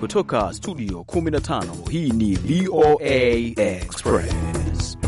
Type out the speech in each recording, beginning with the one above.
Kutoka studio 15 hii ni VOA Express.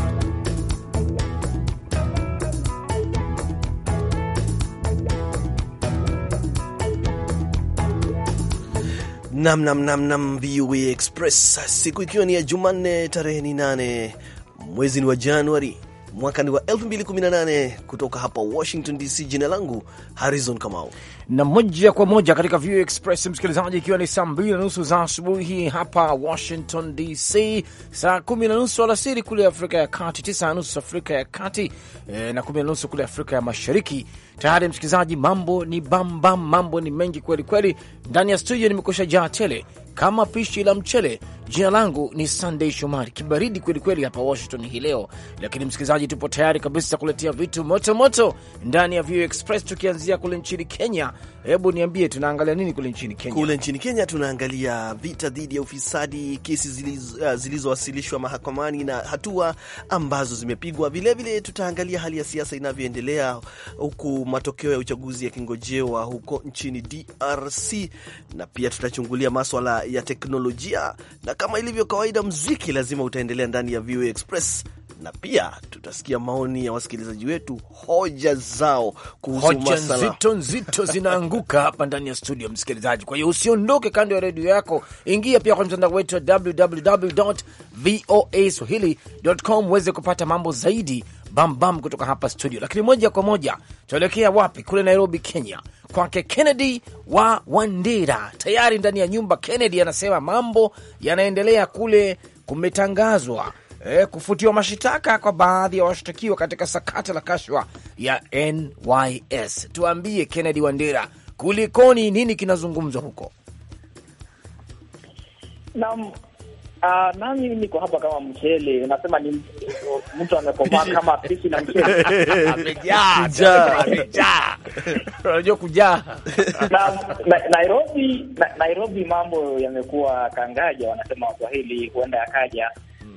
namnamnamnam VOA Express, siku ikiwa ni ya Jumanne, tarehe ni nane, mwezi ni wa Januari mwaka ni wa 2018 kutoka hapa Washington DC. Jina langu Harrison Kamau, na moja kwa moja katika VOA Express msikilizaji, ikiwa ni saa mbili na nusu za asubuhi hapa Washington DC, saa kumi na nusu alasiri kule Afrika ya Kati, tisa na nusu Afrika ya Kati e, na kumi na nusu kule Afrika ya Mashariki. Tayari msikilizaji, mambo ni bambam bam, mambo ni mengi kweli kweli. Ndani ya studio nimekusha jaa tele kama pishi la mchele Jina langu ni Sunday Shomari. Kibaridi kwelikweli hapa Washington hii leo, lakini msikilizaji, tupo tayari kabisa kuletea vitu motomoto moto ndani ya VOA Express, tukianzia kule nchini Kenya. Hebu niambie, tunaangalia nini kule nchini Kenya? Kule nchini Kenya tunaangalia vita dhidi ya ufisadi, kesi uh, zilizowasilishwa mahakamani na hatua ambazo zimepigwa. Vilevile tutaangalia hali ya siasa inavyoendelea, huku matokeo ya uchaguzi yakingojewa huko nchini DRC, na pia tutachungulia maswala ya teknolojia na kama ilivyo kawaida, mziki lazima utaendelea ndani ya VOA Express na pia tutasikia maoni ya wasikilizaji wetu, hoja zao kuhusu hoja nzito nzito zinaanguka hapa ndani ya studio, msikilizaji. Kwa hiyo usiondoke kando ya redio yako, ingia pia kwenye mtandao wetu wa www voa swahili.com uweze kupata mambo zaidi bambam bam kutoka hapa studio. Lakini moja kwa moja tuelekea wapi? Kule Nairobi, Kenya, kwake Kennedy wa Wandera, tayari ndani ya nyumba. Kennedy anasema mambo yanaendelea kule, kumetangazwa eh, kufutiwa mashitaka kwa baadhi ya washtakiwa katika sakata la kashwa ya NYS. Tuambie Kennedy Wandera, kulikoni? Nini kinazungumzwa huko? Naam, Uh, ah, nami niko hapa kama mchele, unasema ni mtu amekomaa kama pisi la mchele, amejaa, unajua kujaa. Nairobi, Nairobi mambo yamekuwa kangaja, wanasema Waswahili, huenda yakaja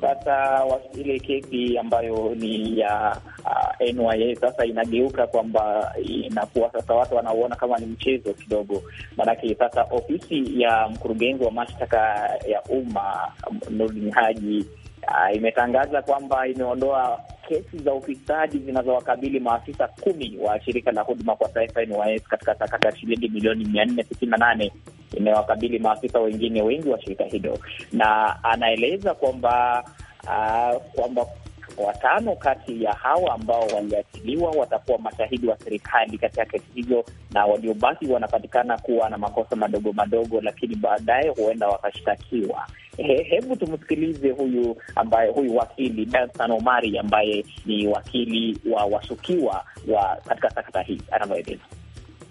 sasa ile keki ambayo ni ya uh, NYS sasa inageuka kwamba inakuwa sasa watu wanauona kama ni mchezo kidogo, maanake sasa ofisi ya mkurugenzi wa mashtaka ya umma Nurdin Haji uh, imetangaza kwamba imeondoa kesi za ufisadi zinazowakabili maafisa kumi wa shirika la huduma kwa taifa NYS katika sakata ya shilingi milioni mia nne sitini na nane inayowakabili maafisa wengine wengi wa shirika hilo, na anaeleza kwamba uh, kwamba Watano kati ya hawa ambao waliachiliwa watakuwa mashahidi wa serikali katika kesi hizo, na waliobaki wanapatikana kuwa na makosa madogo madogo, lakini baadaye huenda wakashtakiwa. He, hebu tumsikilize huyu ambaye huyu wakili Dansan Omari ambaye ni wakili wa washukiwa wa katika sakata hii anavyoeleza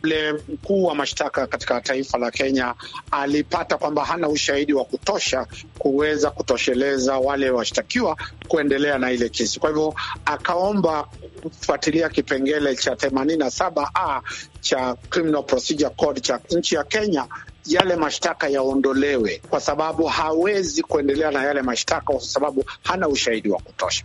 yule mkuu wa mashtaka katika taifa la Kenya alipata kwamba hana ushahidi wa kutosha kuweza kutosheleza wale washtakiwa kuendelea na ile kesi. Kwa hivyo akaomba kufuatilia kipengele cha themanini na saba a cha Criminal Procedure Code cha nchi ya Kenya yale mashtaka yaondolewe kwa sababu hawezi kuendelea na yale mashtaka kwa sababu hana ushahidi wa kutosha.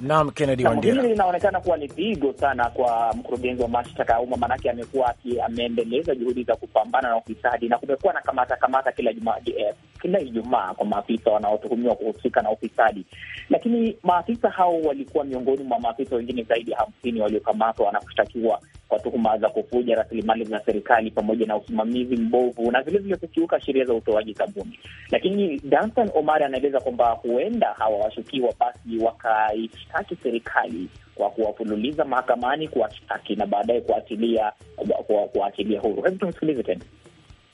Naam, Kennedy Wandera, hili linaonekana kuwa ni pigo sana kwa mkurugenzi wa mashtaka ya umma, maanake amekuwa ameendeleza juhudi za kupambana na ufisadi na kumekuwa na kamata kamata kila juma, eh, kila Ijumaa kwa maafisa wanaotuhumiwa kuhusika na ufisadi, lakini maafisa hao walikuwa miongoni mwa maafisa wengine zaidi ya hamsini waliokamatwa na kushtakiwa kwa tuhuma za kufuja rasilimali za serikali pamoja na usimamizi mbovu na vilevile kukiuka sheria za utoaji sabuni Lakini Danson Omari anaeleza kwamba huenda hawa washukiwa basi wakaishtaki serikali kwa kuwafululiza mahakamani kuwashtaki na baadaye kuachilia kuwaachilia huru. Hebu tumsikilize tena.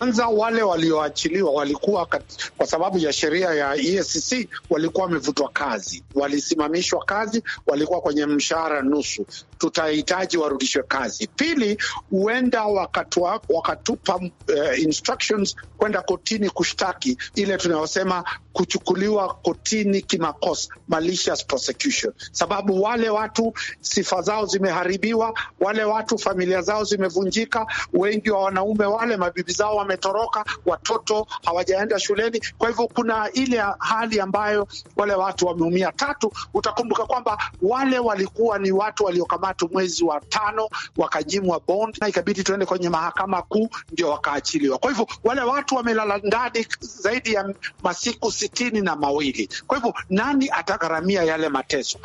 Kwanza wale walioachiliwa walikuwa kat, kwa sababu ya sheria ya EACC walikuwa wamevutwa kazi, walisimamishwa kazi, walikuwa kwenye mshahara nusu. Tutahitaji warudishwe kazi. Pili, huenda wakatua, wakatupa uh, instructions kwenda kotini kushtaki, ile tunayosema kuchukuliwa kotini kimakosa, malicious prosecution, sababu wale watu sifa zao zimeharibiwa, wale watu familia zao zimevunjika, wengi wa wanaume wale mabibi zao wame wametoroka, watoto hawajaenda shuleni. Kwa hivyo kuna ile hali ambayo wale watu wameumia. Tatu, utakumbuka kwamba wale walikuwa ni watu waliokamatwa mwezi wa tano, wakajimwa bond na ikabidi tuende kwenye mahakama kuu ndio wakaachiliwa. Kwa hivyo wale watu wamelala ndani zaidi ya masiku sitini na mawili. Kwa hivyo nani atagharamia yale mateso?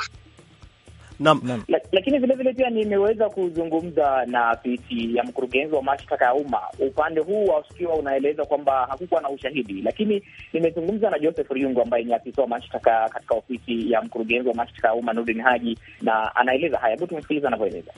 Naam. Lakini vile vile pia nimeweza kuzungumza na afisi ya mkurugenzi wa mashtaka ya umma upande huu wa wakiwa unaeleza kwamba hakukuwa na ushahidi, lakini nimezungumza na Joseph Ryungu ambaye ni afisa wa mashtaka katika ofisi ya mkurugenzi wa mashtaka ya umma Nurdin Haji, na anaeleza haya. Hebu tumsikiliza anavyoeleza.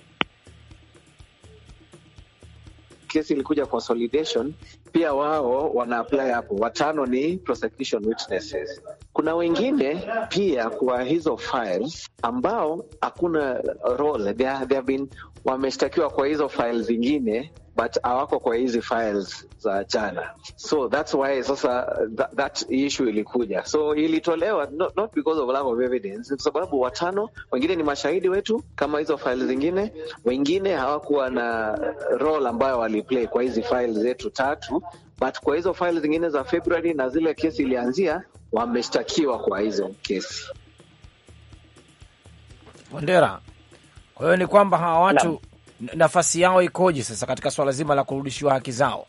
Kesi ilikuja consolidation pia wao wana apply hapo. Watano ni prosecution witnesses. Kuna wengine pia kwa hizo files ambao hakuna role, they have been wameshtakiwa kwa hizo files zingine but hawako kwa hizi files za jana, so that's why sasa that, that issue ilikuja, so ilitolewa not, not because of lack of evidence, kwa sababu watano wengine ni mashahidi wetu kama hizo files zingine, wengine hawakuwa na role ambayo waliplay kwa hizi files zetu tatu but kwa hizo faili zingine za Februari na zile kesi ilianzia, wameshtakiwa kwa hizo kesi. Wandera, kwa hiyo ni kwamba hawa watu na, nafasi yao ikoje sasa katika swala zima la kurudishiwa haki zao?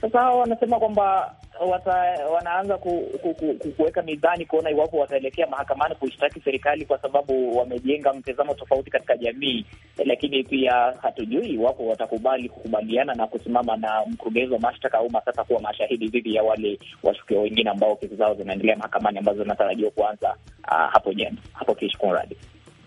Sasa hao wanasema kwamba wata, wanaanza kuweka ku, ku, ku, mizani kuona iwapo wataelekea mahakamani kuishtaki serikali kwa sababu wamejenga mtazamo tofauti katika jamii, lakini pia hatujui iwapo watakubali kukubaliana na kusimama na mkurugenzi wa mashtaka au masasa kuwa mashahidi dhidi ya wale washukiwa wengine ambao kesi zao zinaendelea mahakamani ambazo zinatarajiwa kuanza uh, hapo jana hapo kesho. Kunradi,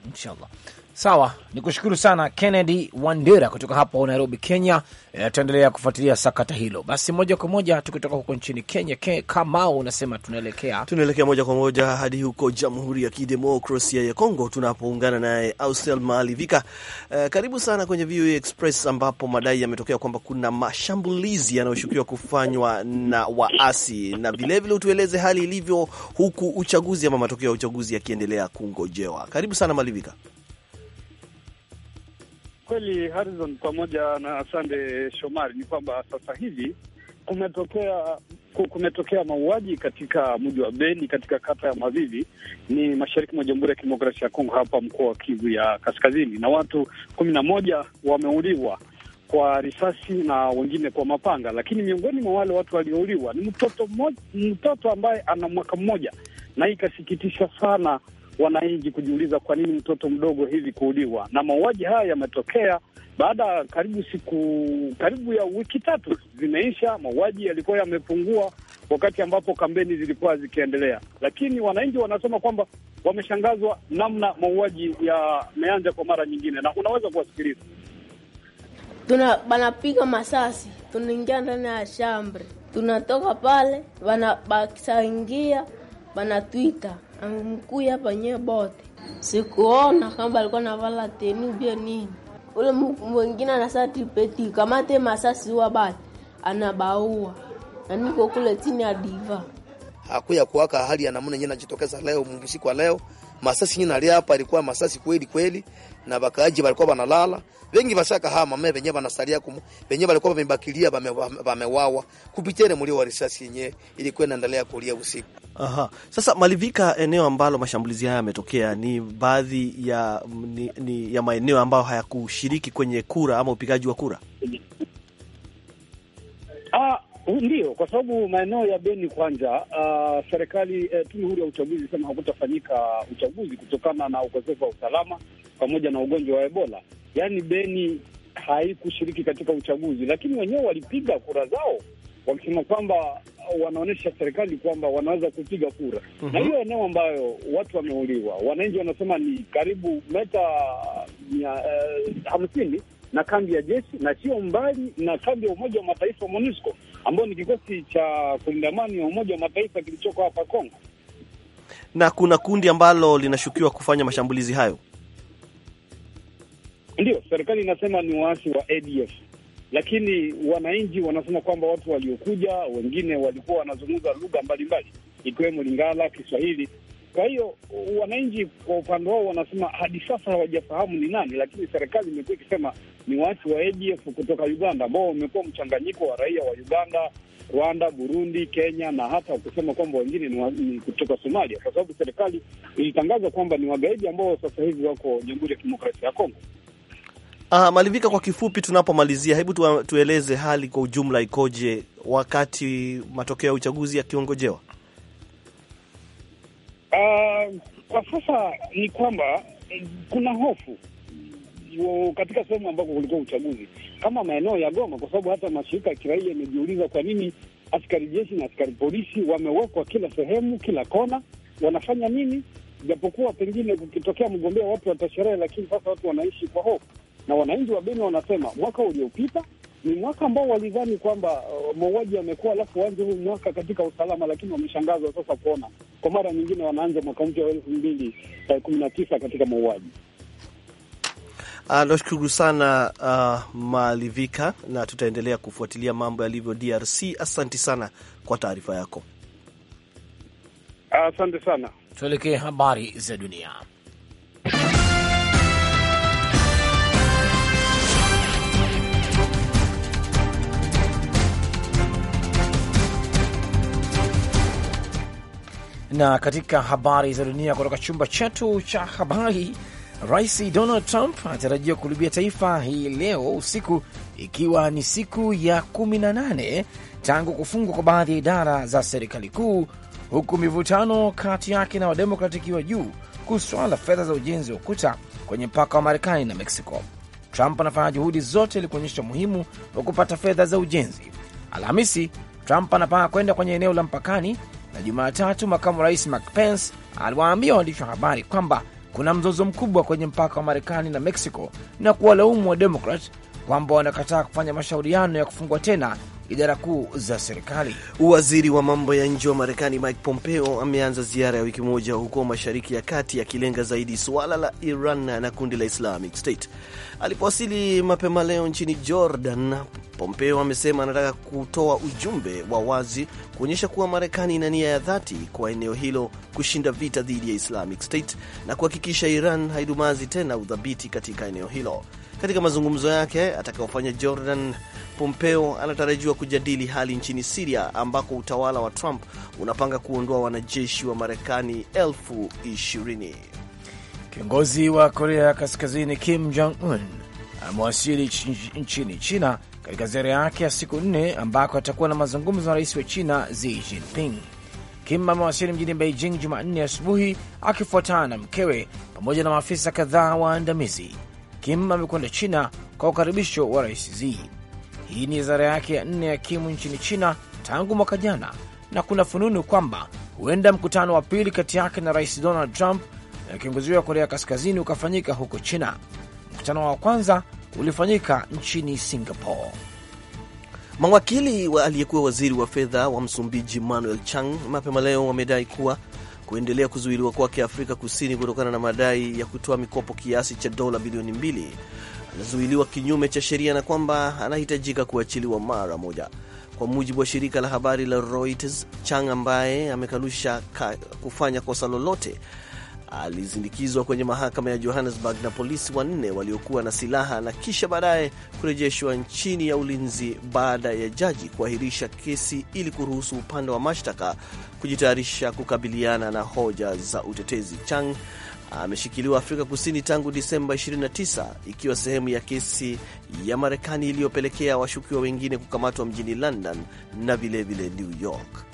inshallah. Sawa, ni kushukuru sana Kennedy Wandera kutoka hapo Nairobi, Kenya. Eh, tutaendelea kufuatilia sakata hilo. Basi moja kwa moja tukitoka huko nchini Kenya, ke, Kamau unasema tunaelekea tunaelekea moja kwa moja hadi huko Jamhuri ya Kidemokrasia ya Kongo tunapoungana naye ausel Malivika. E, karibu sana kwenye VOA Express ambapo madai yametokea kwamba kuna mashambulizi yanayoshukiwa kufanywa na waasi, na vilevile utueleze hali ilivyo huku uchaguzi ama matokeo ya uchaguzi yakiendelea kungojewa. Karibu sana Malivika kweli Harrison, pamoja na Sande Shomari, ni kwamba sasa hivi kumetokea kumetokea mauaji katika mji wa Beni katika kata ya Mavivi ni mashariki mwa Jamhuri ya Kidemokrasia ya Kongo, hapa mkoa wa Kivu ya Kaskazini, na watu kumi na moja wameuliwa kwa risasi na wengine kwa mapanga, lakini miongoni mwa wale watu waliouliwa ni mtoto mmoja, mtoto ambaye ana mwaka mmoja, na hii ikasikitisha sana wananchi kujiuliza kwa nini mtoto mdogo hivi kuuliwa. Na mauaji haya yametokea baada ya karibu siku karibu ya wiki tatu zimeisha, mauaji yalikuwa yamepungua wakati ambapo kampeni zilikuwa zikiendelea, lakini wananchi wanasema kwamba wameshangazwa namna mauaji yameanza kwa mara nyingine, na unaweza kuwasikiliza. Tuna banapiga masasi, tunaingia ndani ya shambre, tunatoka pale bana bakisaingia banatwita Mkuu hapa nyewe bote sikuona kama alikuwa navala teni ubie nini. Ule mwingine anasa tipeti kama te masasi wa bati anabaua na kule chini ya diva. Hakuya kuwaka hali ya namuna yenyewe jitokeza leo usiku wa leo. Masasi yenyewe lia hapa ilikuwa masasi kweli kweli na bakaaji walikuwa banalala. Wengi bashaka hama mimi wenyewe banasalia kumu. Wenyewe walikuwa wamebakilia wamewawa. Kupitia ile mlio wa risasi yenyewe ilikuwa inaendelea kulia usiku. Aha. Sasa malivika, eneo ambalo mashambulizi haya yametokea ni baadhi ya ni, ni, ya maeneo ambayo hayakushiriki kwenye kura ama upigaji wa kura. Ah, ndio, kwa sababu maeneo ya Beni kwanza, ah, serikali eh, tume huru ya uchaguzi sema hakutafanyika uchaguzi kutokana na ukosefu wa usalama pamoja na ugonjwa wa Ebola. Yaani Beni haikushiriki katika uchaguzi, lakini wenyewe walipiga kura zao wakisema kwamba wanaonyesha serikali kwamba wanaweza kupiga kura mm -hmm. na hiyo eneo ambayo watu wameuliwa, wananchi wanasema ni karibu meta eh, hamsini eh, na kambi ya jeshi na sio mbali na kambi ya Umoja wa Mataifa MONUSCO ambayo ni kikosi cha kulinda amani ya Umoja wa Mataifa kilichoko hapa Kongo, na kuna kundi ambalo linashukiwa kufanya mashambulizi hayo. Ndio serikali inasema ni waasi wa ADF lakini wananchi wanasema kwamba watu waliokuja wengine walikuwa wanazungumza lugha mbalimbali ikiwemo Lingala, Kiswahili. Kwa hiyo wananchi kwa upande wao wanasema hadi sasa hawajafahamu ni nani, lakini serikali imekuwa ikisema ni watu wa ADF kutoka Uganda ambao wamekuwa mchanganyiko wa raia wa Uganda, Rwanda, Burundi, Kenya na hata kusema kwamba wengine ni kutoka Somalia, kwa sababu serikali ilitangaza kwamba ni wagaidi ambao sasa hivi wako Jamhuri ya Kidemokrasia ya Kongo. Ah, Malivika, kwa kifupi tunapomalizia, hebu tu, tueleze hali kwa ujumla ikoje wakati matokeo ya uchaguzi yakiongojewa? Uh, eh, kwa sasa ni kwamba eh, kuna hofu katika sehemu ambako kulikuwa uchaguzi kama maeneo ya Goma, kwa sababu hata mashirika ya kiraia yamejiuliza kwa nini askari jeshi na askari polisi wamewekwa kila sehemu, kila kona, wanafanya nini? Japokuwa pengine kukitokea mgombea watu watasherehe, lakini sasa watu wanaishi kwa hofu na wananchi wa Beni wanasema mwaka uliopita ni mwaka ambao walidhani kwamba uh, mauaji yamekuwa, alafu waanze huu mwaka katika usalama, lakini wameshangazwa sasa kuona kwa mara nyingine wanaanza mwaka mpya wa elfu mbili uh, kumi na tisa katika mauaji. Ah, nashukuru sana uh, Malivika, na tutaendelea kufuatilia mambo yalivyo DRC. Asante sana kwa taarifa yako. Asante sana. Tuelekee habari za dunia. Na katika habari za dunia kutoka chumba chetu cha habari, Rais Donald Trump anatarajiwa kuhutubia taifa hii leo usiku, ikiwa ni siku ya 18 tangu kufungwa kwa baadhi ya idara za serikali kuu, huku mivutano kati yake na Wademokrati ikiwa juu kuhusu swala la fedha za ujenzi wa ukuta kwenye mpaka wa Marekani na Meksiko. Trump anafanya juhudi zote ili kuonyesha umuhimu wa kupata fedha za ujenzi. Alhamisi, Trump anapanga kwenda kwenye eneo la mpakani na Jumatatu makamu rais Mike Pence aliwaambia waandishi wa habari kwamba kuna mzozo mkubwa kwenye mpaka wa Marekani na Mexico na kuwalaumu wa Demokrat kwamba wanakataa kufanya mashauriano ya kufungwa tena idara kuu za serikali. Waziri wa mambo ya nje wa Marekani Mike Pompeo ameanza ziara ya wiki moja huko Mashariki ya Kati, akilenga zaidi suala la Iran na kundi la Islamic State. Alipowasili mapema leo nchini Jordan, Pompeo amesema anataka kutoa ujumbe wa wazi kuonyesha kuwa Marekani ina nia ya dhati kwa eneo hilo kushinda vita dhidi ya Islamic State na kuhakikisha Iran haidumazi tena udhabiti katika eneo hilo. Katika mazungumzo yake atakayofanya Jordan, Pompeo anatarajiwa kujadili hali nchini Siria ambako utawala wa Trump unapanga kuondoa wanajeshi wa Marekani elfu ishirini. Kiongozi wa Korea Kaskazini Kim Jong Un amewasili nchini China katika ziara yake ya siku nne ambako atakuwa na mazungumzo na rais wa China Xi Jinping. Kim amewasili mjini Beijing Jumanne asubuhi akifuatana na mkewe pamoja na maafisa kadhaa waandamizi. Kim amekwenda China kwa ukaribisho wa rais Xi. Hii ni ziara yake ya nne ya Kim nchini China tangu mwaka jana, na kuna fununu kwamba huenda mkutano wa pili kati yake na rais Donald Trump kiongozi wa Korea Kaskazini ukafanyika huko China. Mkutano wa kwanza ulifanyika nchini Singapore. Mawakili wa aliyekuwa waziri wa fedha wa Msumbiji Manuel Chang mapema leo wamedai kuwa kuendelea kuzuiliwa kwake Afrika Kusini kutokana na madai ya kutoa mikopo kiasi cha dola bilioni mbili anazuiliwa kinyume cha sheria na kwamba anahitajika kuachiliwa mara moja. Kwa mujibu wa shirika la habari la Reuters, Chang ambaye amekanusha kufanya kosa lolote alizindikizwa kwenye mahakama ya Johannesburg na polisi wanne waliokuwa na silaha na kisha baadaye kurejeshwa chini ya ulinzi baada ya jaji kuahirisha kesi ili kuruhusu upande wa mashtaka kujitayarisha kukabiliana na hoja za utetezi. Chang ameshikiliwa Afrika Kusini tangu Disemba 29 ikiwa sehemu ya kesi ya Marekani iliyopelekea washukiwa wengine kukamatwa mjini London na vilevile New York.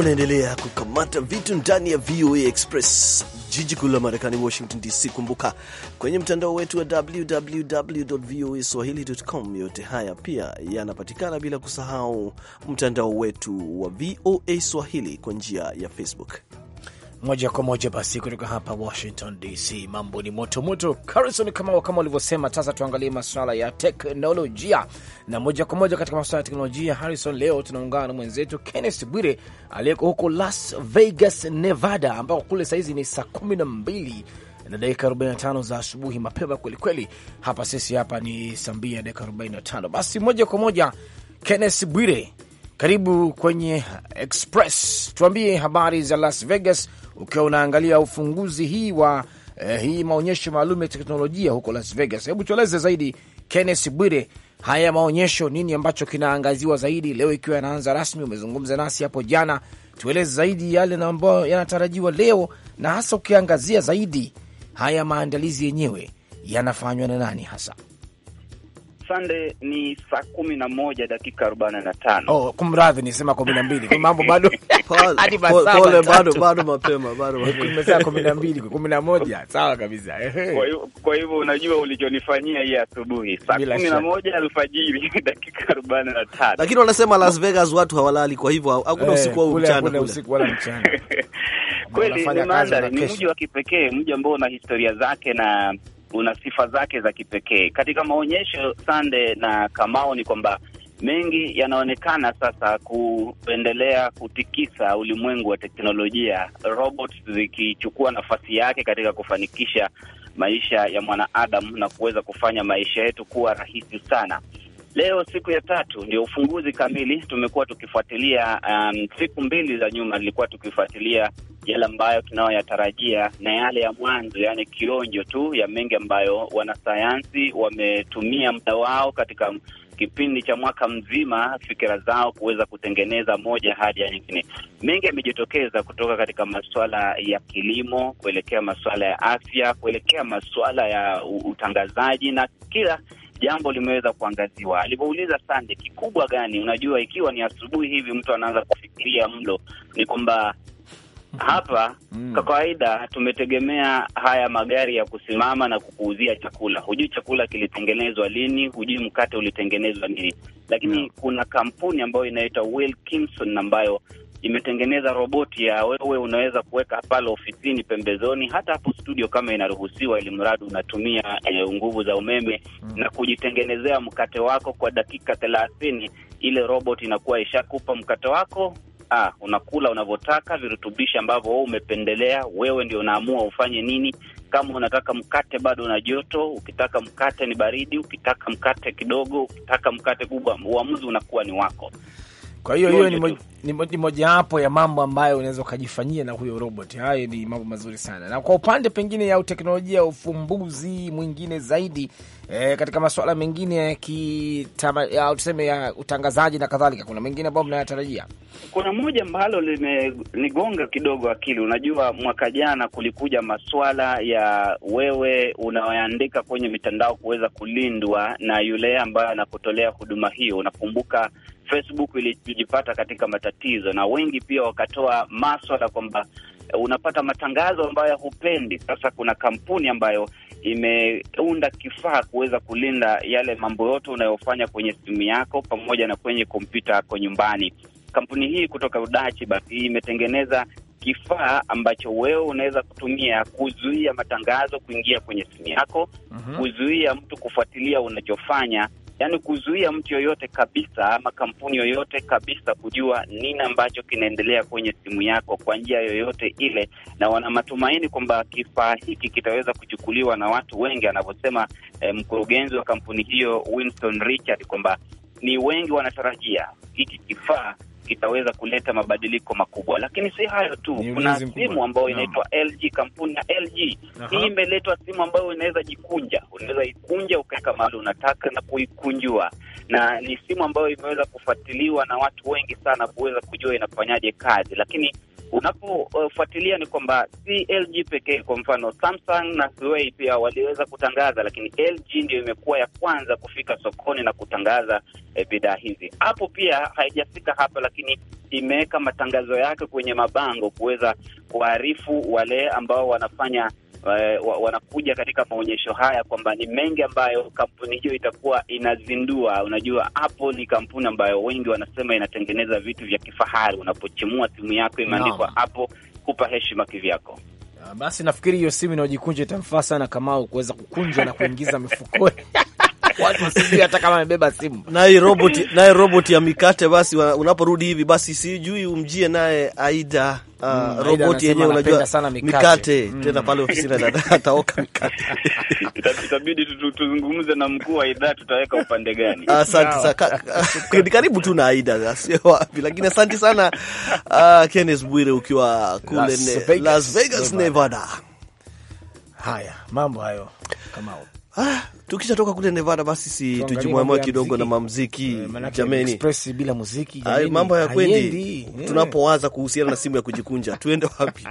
unaendelea kukamata vitu ndani ya VOA Express, jiji kuu la Marekani, Washington DC. Kumbuka kwenye mtandao wetu wa www voa swahili.com. Yote haya pia yanapatikana bila kusahau mtandao wetu wa VOA Swahili kwa njia ya Facebook moja kwa moja basi kutoka hapa Washington DC, mambo ni moto moto. Harrison Kamau, kama ulivyosema, sasa tuangalie masuala ya teknolojia na moja kwa moja katika masuala ya teknolojia. Harrison, leo tunaungana na mwenzetu Kenneth Bwire aliyeko huko Las Vegas, Nevada, ambako kule sahizi ni saa kumi na mbili na dakika 45 za asubuhi, mapema kwelikweli. Hapa sisi hapa ni saa mbili na dakika 45. Basi moja kwa moja, Kenneth Bwire karibu kwenye Express. Tuambie habari za Las Vegas ukiwa unaangalia ufunguzi hii wa eh, hii maonyesho maalum ya teknolojia huko Las Vegas. Hebu tueleze zaidi, Kenneth Bwire, haya maonyesho, nini ambacho kinaangaziwa zaidi leo ikiwa yanaanza rasmi? Umezungumza nasi hapo jana, tueleze zaidi yale ambayo yanatarajiwa leo, na hasa ukiangazia zaidi haya maandalizi yenyewe yanafanywa na nani hasa? Sande ni saa kumi na moja dakika arobaini na tano. Oh, kumradhi nisema kumi na mbili mambo bado pole bado bado mapema bado saa kumi na mbili kumi na moja sawa kabisa. Kwa hivyo unajua ulichonifanyia hii asubuhi saa kumi na moja alfajiri dakika arobaini na tano, lakini wanasema Las Vegas watu hawalali, kwa hivyo hakuna eh, usiku au mchana, usiku wala mchana. Kweli ni mandhari, ni mji wa kipekee, mji ambao una historia zake na una sifa zake za kipekee katika maonyesho Sande na Kamao. Ni kwamba mengi yanaonekana sasa kuendelea kutikisa ulimwengu wa teknolojia, robots zikichukua nafasi yake katika kufanikisha maisha ya mwanaadamu na kuweza kufanya maisha yetu kuwa rahisi sana. Leo siku ya tatu ndio ufunguzi kamili. Tumekuwa tukifuatilia um, siku mbili za nyuma nilikuwa tukifuatilia yale ambayo tunayoyatarajia na yale ya mwanzo, yaani kionjo tu ya mengi ambayo wanasayansi wametumia muda wao katika kipindi cha mwaka mzima, fikira zao kuweza kutengeneza moja hadi ya nyingine. Mengi yamejitokeza kutoka katika masuala ya kilimo, kuelekea masuala ya afya, kuelekea masuala ya utangazaji na kila jambo limeweza kuangaziwa. Alipouliza Sande, kikubwa gani? Unajua, ikiwa ni asubuhi hivi mtu anaanza kufikiria mlo, ni kwamba hapa mm. Kwa kawaida tumetegemea haya magari ya kusimama na kukuuzia chakula. Hujui chakula kilitengenezwa lini, hujui mkate ulitengenezwa lini, lakini mm. kuna kampuni ambayo inaitwa Wilkinson ambayo imetengeneza roboti ya wewe unaweza kuweka pale ofisini pembezoni, hata hapo studio kama inaruhusiwa, ili mradi unatumia eh, nguvu za umeme mm, na kujitengenezea mkate wako kwa dakika thelathini. Ile robot inakuwa ishakupa mkate wako. Ah, unakula unavyotaka, virutubishi ambavyo wewe umependelea. Wewe ndio unaamua ufanye nini, kama unataka mkate bado na joto, ukitaka mkate ni baridi, ukitaka mkate kidogo, ukitaka mkate kubwa, uamuzi unakuwa ni wako. Kwa hiyo hiyo ni, ni, mojawapo ya mambo ambayo unaweza ukajifanyia na huyo robot. Hayo ni mambo mazuri sana. Na kwa upande pengine ya teknolojia ufumbuzi mwingine zaidi e, katika masuala mengine ya kitama, tuseme ya utangazaji na kadhalika, kuna mengine ambayo mnayatarajia? Kuna moja ambalo limenigonga kidogo akili. Unajua, mwaka jana kulikuja masuala ya wewe unaoandika kwenye mitandao kuweza kulindwa na yule ambaye anakutolea huduma hiyo. Unakumbuka Facebook ilijipata katika matatizo, na wengi pia wakatoa maswala kwamba eh, unapata matangazo ambayo hupendi. Sasa kuna kampuni ambayo imeunda kifaa kuweza kulinda yale mambo yote unayofanya kwenye simu yako pamoja na kwenye kompyuta yako nyumbani. Kampuni hii kutoka Udachi basi imetengeneza kifaa ambacho wewe unaweza kutumia kuzuia matangazo kuingia kwenye simu yako, mhm. kuzuia mtu kufuatilia unachofanya yani kuzuia mtu yoyote kabisa ama kampuni yoyote kabisa kujua nini ambacho kinaendelea kwenye simu yako kwa njia yoyote ile, na wana matumaini kwamba kifaa hiki kitaweza kuchukuliwa na watu wengi, anavyosema eh, mkurugenzi wa kampuni hiyo Winston Richard kwamba ni wengi wanatarajia hiki kifaa itaweza kuleta mabadiliko makubwa. Lakini si hayo tu, kuna simu ambayo inaitwa LG, kampuni ya LG hii imeletwa simu ambayo inaweza jikunja, unaweza ikunja ukaweka mahali unataka na kuikunjua, na ni simu ambayo imeweza kufuatiliwa na watu wengi sana kuweza kujua inafanyaje kazi, lakini unapofuatilia uh, ni kwamba si LG pekee. Kwa mfano Samsung na Huawei pia waliweza kutangaza, lakini LG ndio imekuwa ya kwanza kufika sokoni na kutangaza eh, bidhaa hizi. Hapo pia haijafika hapa, lakini imeweka matangazo yake kwenye mabango kuweza kuarifu wale ambao wanafanya Eh, wanakuja katika maonyesho haya kwamba ni mengi ambayo kampuni hiyo itakuwa inazindua. Unajua, Apple ni kampuni ambayo wengi wanasema inatengeneza vitu vya kifahari. Unapochimua simu yako imeandikwa Apple, kupa heshima kivyako. Basi nafikiri hiyo simu inayojikunja itamfaa sana Kamau kuweza kukunjwa na kuingiza mifukoni watu wasijui hata kama amebeba simu. Naye robot, naye robot ya mikate basi, unaporudi hivi basi, sijui umjie naye Aida uh, mm, roboti yenyewe unajua sana mikate mm. pale ofisini ataoka mikate itabidi tuzungumze na mkuu wa idhaa tutaweka upande gani. Ah, asante sana, ni karibu tu na Aida, sio wapi, lakini asante sana uh, Kenneth Bwire ukiwa kule Las Vegas, Las Vegas Nevada. Nevada. Haya mambo hayo kama Ah, tukishatoka kule Nevada basi si tujimwamwa kidogo na mamziki e, eh, jameni. Express bila muziki jameni. Mambo ya kweli eh. eh. tunapowaza kuhusiana na simu ya kujikunja tuende wapi?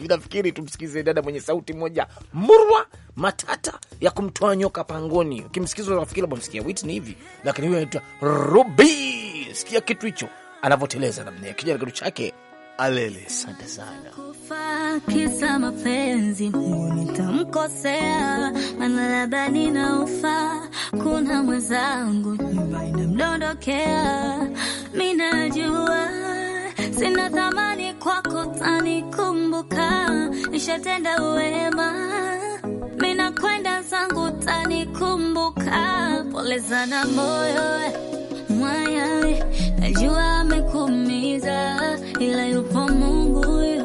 Vinafikiri tumsikize dada mwenye sauti moja murwa matata ya kumtoa nyoka pangoni. Ukimsikiza unafikiri labda msikia Whitney hivi, lakini huyo anaitwa Ruby. Sikia kitu hicho anavyoteleza namna ya kijana kitu chake alele. Asante sana. Kisa mapenzi nitamkosea, maana labda ninaufa, kuna mwenzangu nyumba inamdondokea. Minajua sina thamani kwako, tanikumbuka, nishatenda uwema, minakwenda zangu, tanikumbuka. Pole sana moyo mwayawe, najua amekumiza ila yupo Mungu huyo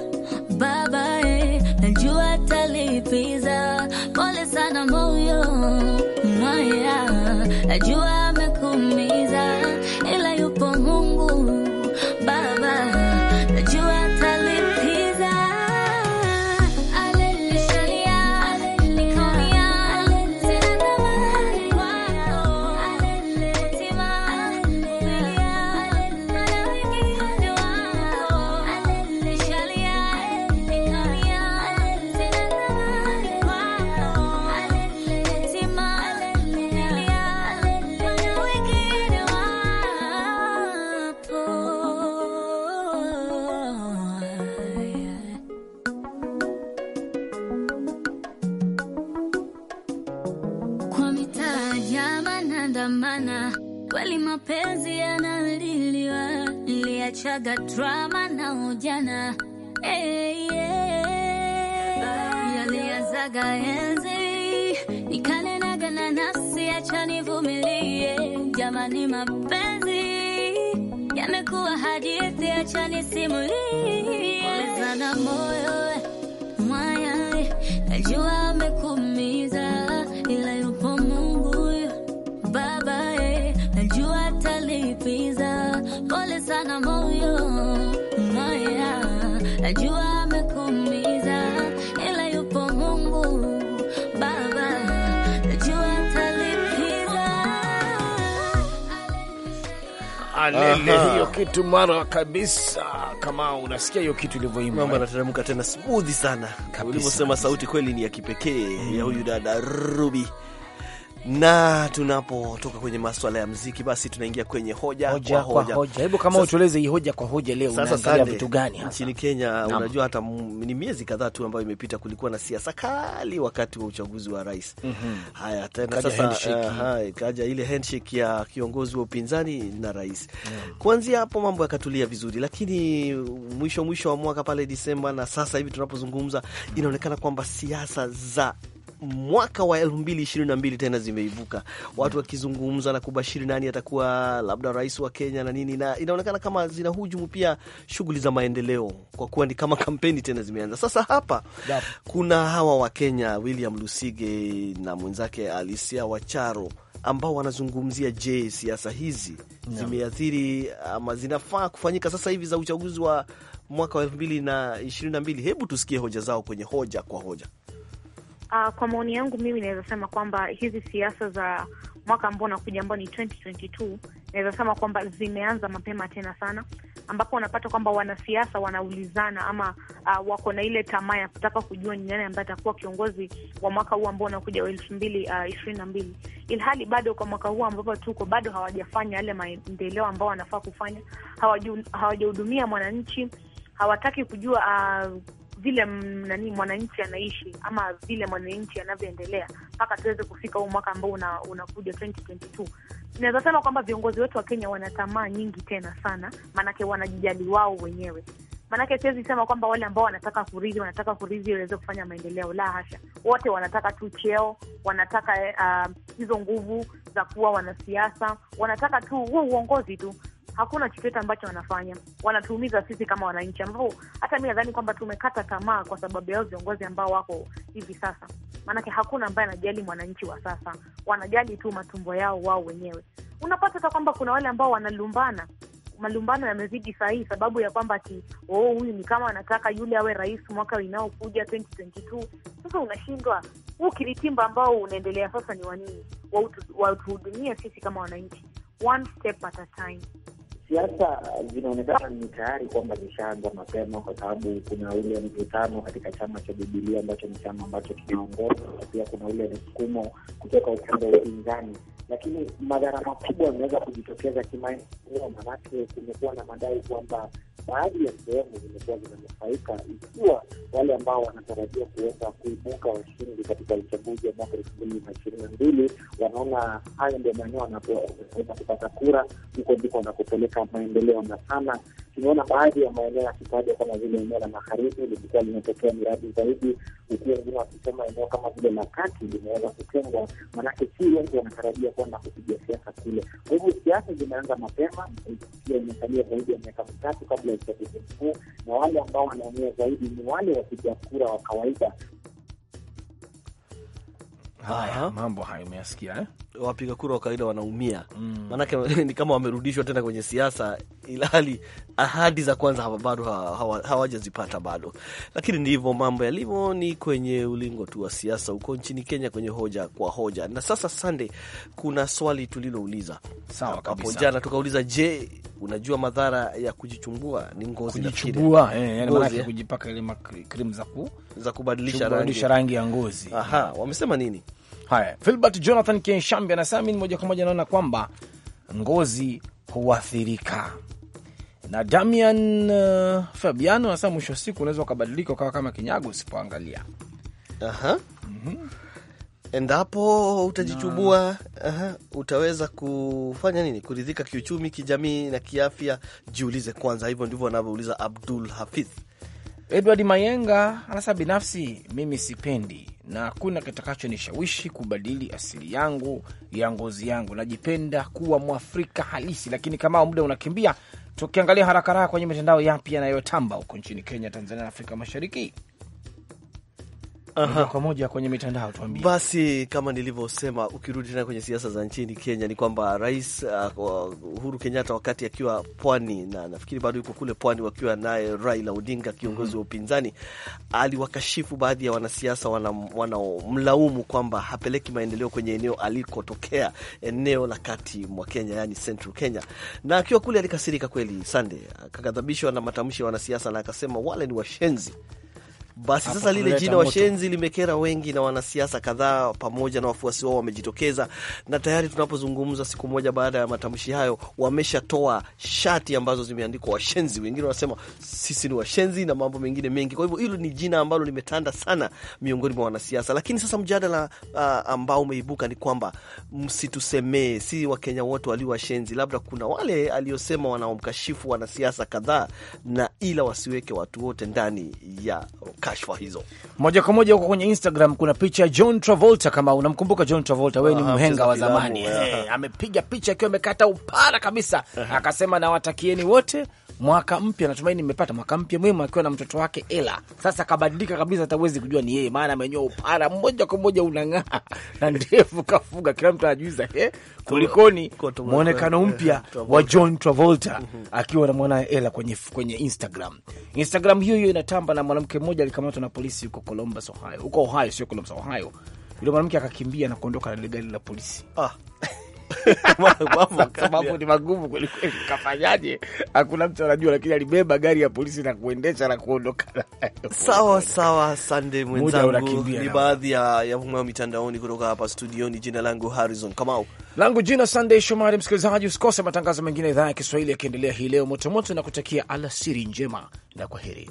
babae, najua atalipiza. Pole sana moyo mwaya, najua amekumiza Naonaga drama na ujana hey, yeah. Yalianzaga enzi nikanenaga na nafsi, acha nivumilie. Jamani, mapenzi yamekuwa hadithi, acha nisimulie. Olezana moyo mwaya najua najua ila yupo Mungu Baba, najua atalipiza. Alele, hiyo kitu mara kabisa, kama unasikia hiyo kitu ilivyoimba, mambo yanateremka tena smooth sana ulivyosema, sauti kweli ni ya kipekee ya mm. huyu dada Ruby na tunapotoka kwenye maswala ya mziki basi tunaingia kwenye hoja hoja kwa hoja. hoja. Hebu kama utueleze hii hoja kwa hoja leo unaangalia vitu gani hasa? Nchini Kenya Nama. Unajua hata ni miezi kadhaa tu ambayo imepita kulikuwa na siasa kali wakati wa uchaguzi wa rais. Mm -hmm. Haya tena sasa uh, eh, kaja ile handshake ya kiongozi wa upinzani na rais. Mm. Kuanzia hapo mambo yakatulia vizuri, lakini mwisho mwisho wa mwaka pale Disemba na sasa hivi tunapozungumza, inaonekana kwamba siasa za mwaka wa 2022 tena zimeibuka, watu wakizungumza na kubashiri nani atakuwa labda rais wa Kenya na nini, na inaonekana kama zinahujumu pia shughuli za maendeleo, kwa kuwa ni kama kampeni tena zimeanza sasa. Hapa kuna hawa wa Kenya William Lusige na mwenzake Alisia Wacharo ambao wanazungumzia je, siasa hizi no. zimeathiri ama zinafaa kufanyika sasa hivi za uchaguzi wa mwaka wa elfu mbili na ishirini na mbili. Hebu tusikie hoja zao kwenye hoja kwa hoja. Uh, kwa maoni yangu mimi naweza sema kwamba hizi siasa za mwaka ambao unakuja ambao ni 2022 naweza sema kwamba zimeanza mapema tena sana, ambapo wanapata kwamba wanasiasa wanaulizana ama, uh, wako na ile tamaa ya kutaka kujua ni nani ambaye atakuwa kiongozi wa mwaka huu ambao unakuja wa elfu mbili ah, ishirini na mbili ilhali bado kwa mwaka huu ambapo tuko bado hawajafanya yale maendeleo ambao wanafaa kufanya, hawajahudumia mwananchi hawataki kujua uh, vile nani mwananchi anaishi ama vile mwananchi anavyoendelea mpaka tuweze kufika huu mwaka ambao unakuja 2022. Naweza sema kwamba viongozi wetu wa Kenya wana tamaa nyingi tena sana, maanake wanajijali wao wenyewe. Maanake siwezi sema kwamba wale ambao wanataka kurithi wanataka kurithi waweze kufanya maendeleo, la hasha. Wote wanataka tu cheo, wanataka eh, ah, hizo uh, nguvu za kuwa wanasiasa, wanataka tu huo uongozi tu hakuna chochote ambacho wanafanya, wanatuumiza sisi kama wananchi, ambao hata mi nadhani kwamba tumekata tamaa kwa sababu yao viongozi ambao wako hivi sasa. Maanake hakuna ambaye anajali mwananchi wa sasa, wanajali tu matumbo yao wao wenyewe. Unapata hata kwamba kuna wale ambao wanalumbana malumbano yamezidi sahii, sababu ya kwamba ati oh, huyu ni kama anataka yule awe rais mwaka inaokuja 2022. Sasa unashindwa huu kiritimba ambao unaendelea sasa ni wanini watuhudumia sisi kama wananchi, one step at a time siasa zinaonekana ni tayari kwamba zishaanza mapema, kwa sababu kuna ule mvutano katika chama cha Bibilia ambacho ni chama ambacho kinaongoza, na pia kuna ule msukumo kutoka upande wa upinzani, lakini madhara makubwa yameweza kujitokeza kimaendeleo, manake kumekuwa na madai kwamba baadhi ya sehemu zimekuwa zinanufaika, ikiwa wale ambao wanatarajia kuweza kuibuka washindi katika uchaguzi wa mwaka elfu mbili na ishirini na mbili wanaona hayo ndio maeneo wanaweza kupata kura, huko ndiko wanakopeleka maendeleo. Na sana tumeona baadhi ya maeneo yakitajwa kama vile eneo la magharibi lilikuwa limetokea miradi zaidi, huku wengine wakisema eneo kama vile la kati limeweza kutengwa, maanake si wengi wanatarajia kwenda kupiga siasa kule. Kwa hivyo siasa zimeanza mapema, ikiwa imesalia zaidi ya miaka mitatu kabla ya uchaguzi mkuu, na wale ambao wanaumia zaidi ni wale wapiga kura wa kawaida. Haya, mambo hayo umeyasikia eh? wapiga kura wa kawaida wanaumia, mm. maanake ni kama wamerudishwa tena kwenye siasa, ilhali ahadi za kwanza hawa bado hawajazipata bado. Lakini ndivyo mambo yalivyo, ni kwenye ulingo tu wa siasa huko nchini Kenya, kwenye hoja kwa hoja. Na sasa Sande, kuna swali tulilouliza hapo jana, tukauliza je, unajua madhara ya kujichumbua ni ngozi, eh, yani eh. kujipaka ile za za kubadilisha rangi ya ngozi. Aha, wamesema nini? Haya, Filbert Jonathan Kenshambi anasema mimi moja kwa moja naona kwamba ngozi huathirika na Damian uh, Fabiano anasema mwisho wa siku unaweza ukabadilika ukawa kama kinyago usipoangalia. Aha. Mm -hmm. Endapo utajichubua no. Aha, utaweza kufanya nini? Kuridhika kiuchumi, kijamii na kiafya? Jiulize kwanza. Hivyo ndivyo anavyouliza Abdul Hafidh Edward Mayenga anasema binafsi mimi sipendi na hakuna kitakacho nishawishi kubadili asili yangu ya ngozi yangu. Najipenda kuwa Mwafrika halisi, lakini kama muda unakimbia, tukiangalia haraka haraka kwenye mitandao yapi yanayotamba huko nchini Kenya, Tanzania na Afrika Mashariki moja kwa moja kwenye mitandao, tuambie basi. Kama nilivyosema, ukirudi tena kwenye siasa za nchini Kenya ni kwamba Rais uh, Uhuru Kenyatta wakati akiwa pwani, na nafikiri bado yuko kule pwani, wakiwa naye Raila Odinga kiongozi mm -hmm. wa mhm. upinzani, aliwakashifu baadhi ya wanasiasa wanaomlaumu wana kwamba hapeleki maendeleo kwenye eneo alikotokea, eneo la kati mwa Kenya, yani Central Kenya, na akiwa kule alikasirika kweli, Sande, akaghadhabishwa na matamshi ya wanasiasa na akasema wale ni washenzi basi sasa lile jina washenzi limekera wengi na wanasiasa kadhaa pamoja na wafuasi wao wamejitokeza, na tayari tunapozungumza, siku moja baada ya matamshi hayo, wameshatoa shati ambazo zimeandikwa washenzi. Wengine wanasema sisi ni washenzi na mambo mengine mengi. Kwa hivyo hilo ni jina ambalo limetanda sana miongoni mwa wanasiasa, lakini sasa mjadala uh, ambao umeibuka ni kwamba msitusemee, si Wakenya wote walio washenzi, labda kuna wale aliosema wanaomkashifu wanasiasa kadhaa, na ila wasiweke watu wote ndani ya kashfa hizo. Moja kwa moja huko kwenye Instagram kuna picha ya John Travolta. Kama unamkumbuka John Travolta, wewe ni ah, mhenga wa zamani, eh. amepiga picha akiwa amekata upara kabisa, akasema nawatakieni wote mwaka mpya, natumaini nimepata mwaka mpya mwema, akiwa na mtoto wake Ela. Sasa kabadilika kabisa, hata uwezi kujua ni yeye, maana amenyoa upara moja kwa moja unang'aa na ndevu kafuga, kila mtu anajuiza eh, kulikoni mwonekano mpya wa John Travolta mhm. akiwa na mwanaye Ela kwenye, kwenye Instagram. Instagram hiyo hiyo inatamba na mwanamke mmoja alikamatwa na polisi huko Columbus, Ohio, huko Ohio, sio Columbus, Ohio. Yule mwanamke akakimbia na kuondoka na lile gari la polisi ah sababu ni magumu kwelikweli, kafanyaje? Hakuna mtu anajua, lakini alibeba gari ya polisi na kuendesha na kuondoka. Sawa sawa, sande mwenzangu, ni baadhi ya yavumayo mitandaoni kutoka hapa studioni. Jina langu Harrison Kamau, langu jina sandey Shomari. Msikilizaji, usikose matangazo mengine ya idhaa ya Kiswahili yakiendelea hii leo motomoto, na kutakia alasiri njema na kwaheri.